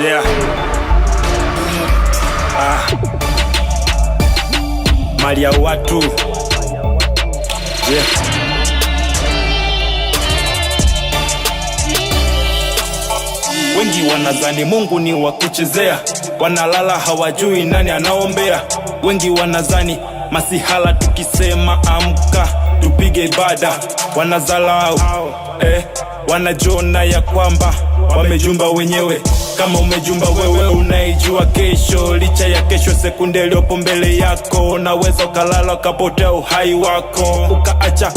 Yeah. Ah. Mali ya watu. Yeah. Wengi wanadhani Mungu ni wa kuchezea, wanalala hawajui nani anaombea. Wengi wanadhani masihala tukisema amka tupige ibada, wanazalau eh wanajona ya kwamba wamejumba wenyewe. Kama umejumba wewe, unaijua kesho. Licha ya kesho sekunde iliyopo mbele yako, naweza ukalala ukapotea uhai wako, ukaacha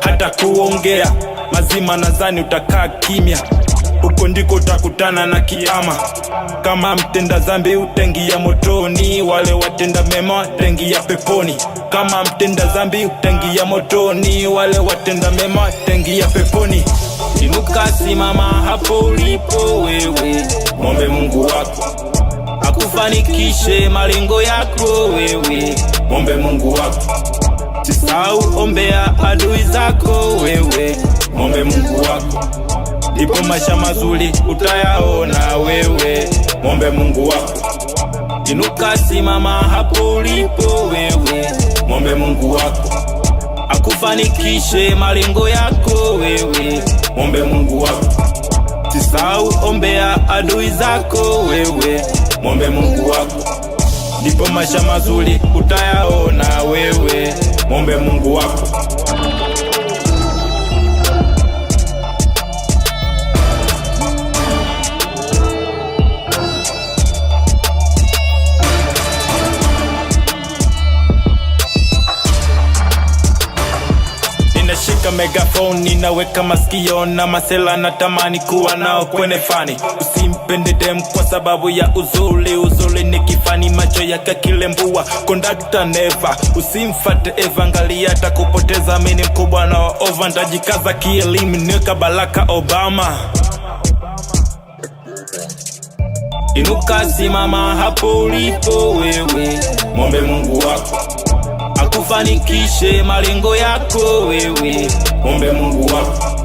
hata kuongea mazima. Nadhani utakaa kimya, huko ndiko utakutana na kiama. Kama mtenda utengi ya motoni, wale watenda mema ya peponi. Kama mtenda dhambi utaingia motoni, wale watenda mema ya peponi simama hapo ulipo wewe, mwombe Mungu wako akufanikishe malengo yako wewe, mwombe Mungu wako. Sisau ombea adui zako wewe, mwombe Mungu wako. Ndipo maisha mazuri utayaona wewe, mwombe Mungu wako. Inuka simama hapo ulipo wewe, mwombe Mungu wako akufanikishe malengo yako wewe. Mwombe Mungu wako, sisau ombea adui zako wewe. Mwombe Mungu wako, ndipo maisha mazuri utayaona wewe. Mwombe Mungu wako Nashika megafoni naweka masikio na masela na tamani kuwa nao kwene fani. Usimpende dem kwa sababu ya uzuli uzuli ni kifani, macho yake kile Kondakta neva, usimfate Eva, angalia atakupoteza. Mimi mkubwa na waova ndajikaza kielimu, niweka Baraka Obama. Inuka, simama hapo ulipo wewe, mwombe Mungu wako akufanikishe malengo yako wewe ombe Mungu wako,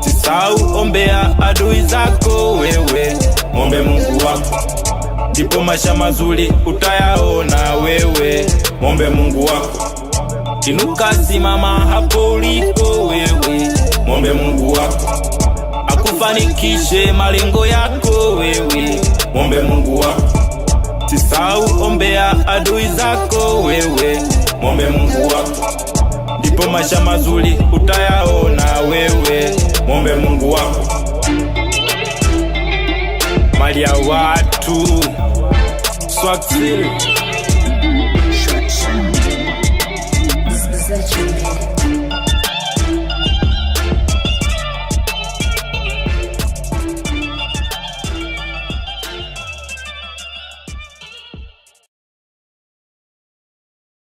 sisau ombea adui zako wewe, ombe Mungu wako, ndipo maisha mazuri utayaona wewe, ombe Mungu wako, inuka simama hapo uliko wewe, ombe Mungu wako akufanikishe malengo yako wewe, ombe Mungu wako Sisau ombea adui zako wewe, mwombe Mungu wako. Ipo maisha mazuri utayaona wewe, mwombe Mungu wako. Mali ya watu Swag